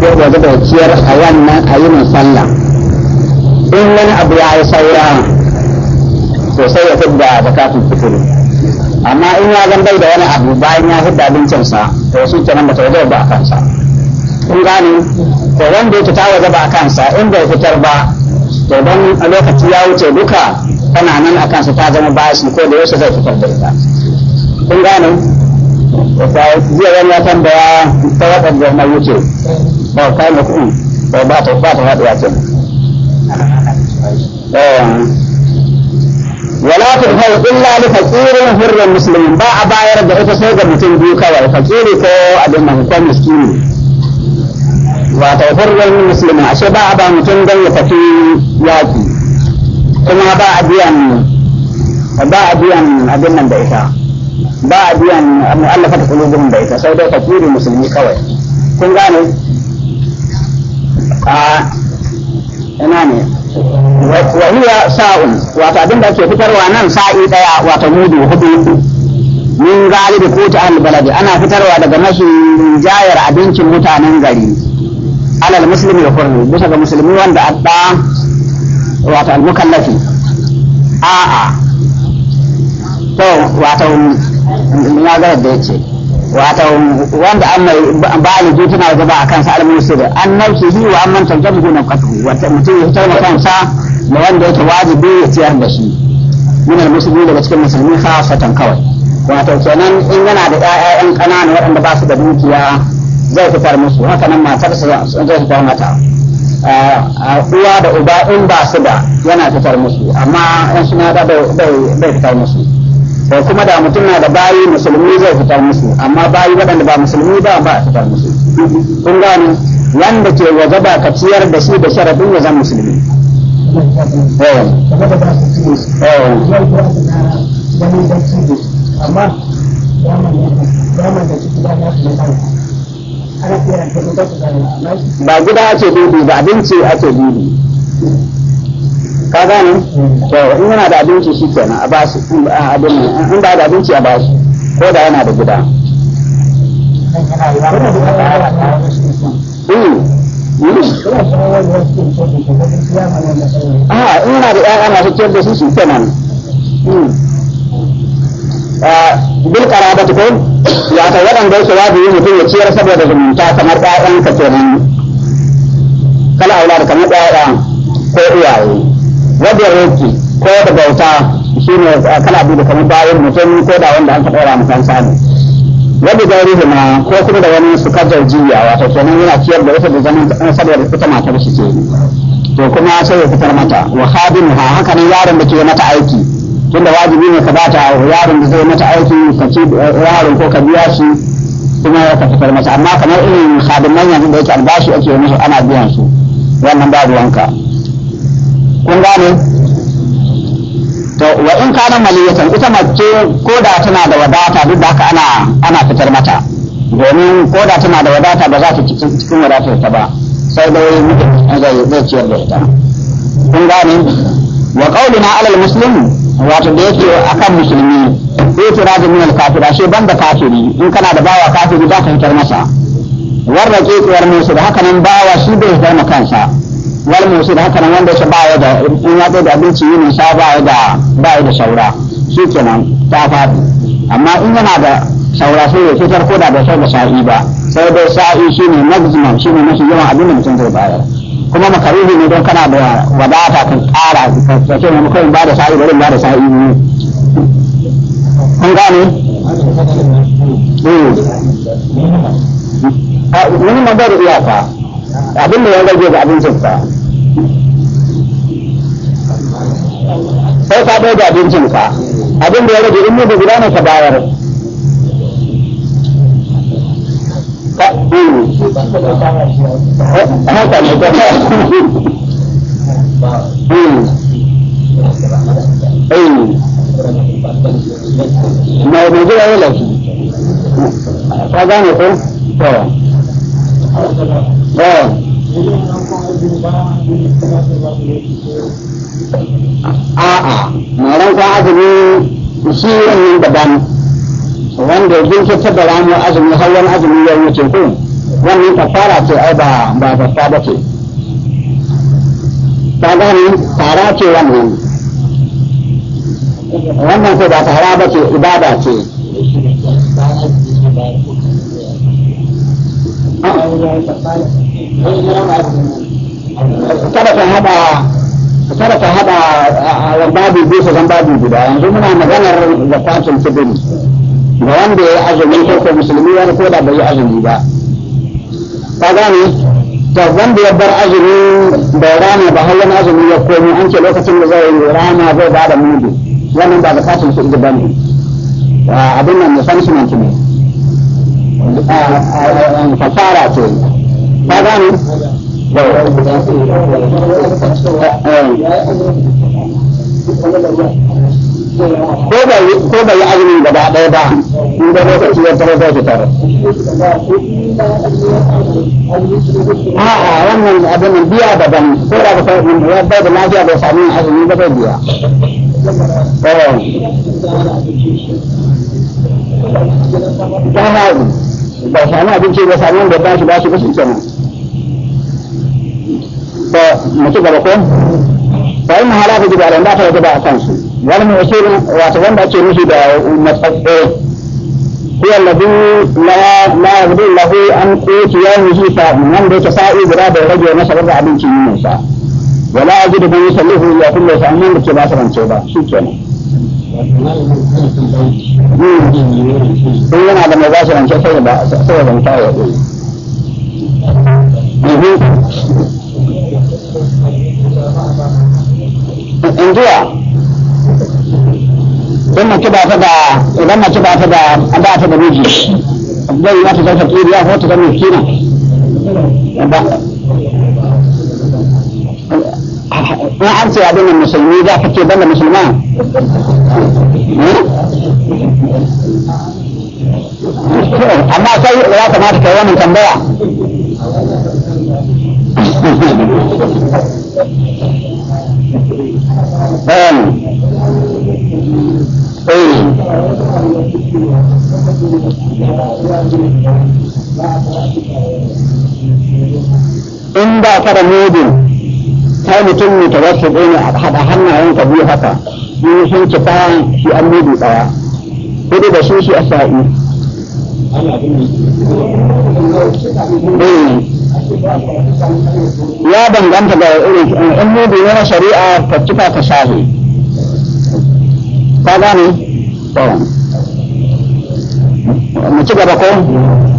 zai waje da ciyar a wannan a yi musalla in wani abu ya yi saura sosai ya fidda zakatun fitiri amma in ya zan bai da wani abu bayan ya fidda abincinsa to wasu kenan ba ta waje ba a kansa kun gane to wanda yake ta waje ba a kansa in bai fitar ba to don a lokaci ya wuce duka tana nan a kansa ta zama bashi ko da yaushe zai fitar da ita kun gane jiya wani ya tambaya ta waɗanda na wuce باوكاي مسؤول وباطل باطل هذا يعتم ولا تقبل إلا لفقير مفر المسلمين باع باير دعوت سيدة متن بيوكا وفقير كو من كو مسكين وتوفر المسلمين أشي باع باع متن دي فقير ياتي كما باع ديان باع ديان من بيكا باع ديان مؤلفة قلوبهم بيكا سيدة فقير المسلمين كوا كن gane ina ne wa hiya sa'un wato abin da ke fitarwa nan sa'i daya wato mudu hudu min galibi ko ta baladi ana fitarwa daga mashi jayar abincin mutanen gari alal muslimi da kurmi bisa ga musulmi wanda adda wato al-mukallafi a'a to wato na ga da yace wata wanda an mai baligi tana da ba a kansa almusu da an nauki shi wa an manta da na katu wata mutum ya fitar sa da wanda yake wajibi ya ciyar da shi min musulmi daga cikin musulmi khasatan kawai wato kenan in yana da ƴaƴa ƴan ƙanana waɗanda ba su da dukiya zai fitar musu haka nan matarsa zai fitar mata eh, uwa da uba in ba su da yana fitar musu amma in suna da bai fitar musu ko kuma da mutum na da bayi musulmi zai fitar musu amma bayi waɗanda ba musulmi ba ba a fitar musu kun gane wanda ke waje ba ka ciyar da shi da sharadin ya zama musulmi eh. Eh. ba gida ake dubi ba abinci ake dubi ka gane to in yana da abinci shi kenan a ba su in ba da abinci a ba su ko da yana da gida hmm. Hmm. Ah, in yana da ƴaƴa masu ciyar da su shi kenan. Hmm. Ah, bil karabatu ko ya ta waɗanda yake wajibi mutum ya ciyar saboda zumunta kamar ɗaya yake ko da bauta shi ne kana duba kamar bayan mutum ko da wanda an ɗora kan sani wani gari ma ko kuma da wani su kajar jiya wato kenan yana ciyar da ita da zaman saboda ita matar shi ce to kuma sai ya fitar mata wa haɗin ha haka ne yaron da ke mata aiki tunda wajibi ne ka bata yaron da zai mata aiki ka ci yaron ko ka biya shi kuma ya fitar mata amma kamar irin khadiman yanzu da yake albashi ake musu ana biyan su wannan babu wanka kun gane to wa in kana maliyatan ita mace ko da tana da wadata duk da haka ana ana fitar mata domin ko da tana da wadata ba za ta cikin wadatar ta ba sai dai mutum zai zai ciyar da ita kun gane wa qaulina alal muslim wato da yake akan musulmi da min al kafira ashe banda kafiri in kana da bawa kafiri za ka fitar masa warra ke tsayar musu da haka nan bawa shi bai fitar kansa wal musu da haka nan wanda yake ba ya da in ya da abinci yi sha ba ya da ba ya da saura shi kenan ta faɗi amma in yana da saura sai ya fitar ko da bai sai da sa'i ba sai dai sa'i shi ne maximum shi ne mafi yawan abin da mutum zai bayar kuma makaruhi ne don kana da wadata kan ƙara ka ce mu kai ba da sa'i bari ba da sa'i ne kun gane eh minimum da iyaka abin da ya rage ga abin sa sai ka ɗaya da abincinka abin da ya rage in mudu guda ne ka bayar haka ne ko? a'a mai rantsa azumi shi wannan daban wanda ya jinkirta da ramu azumi har wani azumi ya wuce ko wannan kafara ce ai ba ba zakka ba ce ta gani tara ce wannan wannan ko ba tara ba ce ibada ce Oh. ترك هذا ترك هذا والبابي بيسا كان بابي بدا yanzu muna maganar zakatun fitri ga wanda ya azumi ko ko musulmi wani ko da bai azumi ba ka gane to wanda ya bar azumi bai rana ba har wani azumi ya komo an ce lokacin da zai rana zai bada mudu wannan ba zakatun fitri bane abin nan musamman ne fafa ko bai yi azumi gaba ɗaya ba in lokaci ya zai a'a wannan abin biya daban ko da ba sai in ya bai lafiya bai sami azumi ba zai biya ba sami abinci ba sami da ba shi ba shi ba shi kenan da mutu gaba ko fa in halafu da ba ake nufi da matsatsi ko an qutu yawmi fi sa man da da rage na sabar da abincin yin sa wala ajid bi in zuwa in mace ba ta da idan mace ba ta da ba ta da miji zai yi mata zai fakiriya ko ta zama miskina in an ce abin musulmi za ka ce banda musulma hmm? amma sai ya kamata ka yi wannan tambaya in ba ka da mudin sai mutum ne ta wasu ne a haɗa hannayen ka biyu haka in sun cika shi an mudu ɗaya kudu da shi shi a sa'i. ya danganta da irin in mu bi na shari'a ka cika ka shahi ka gane mu ci gaba ko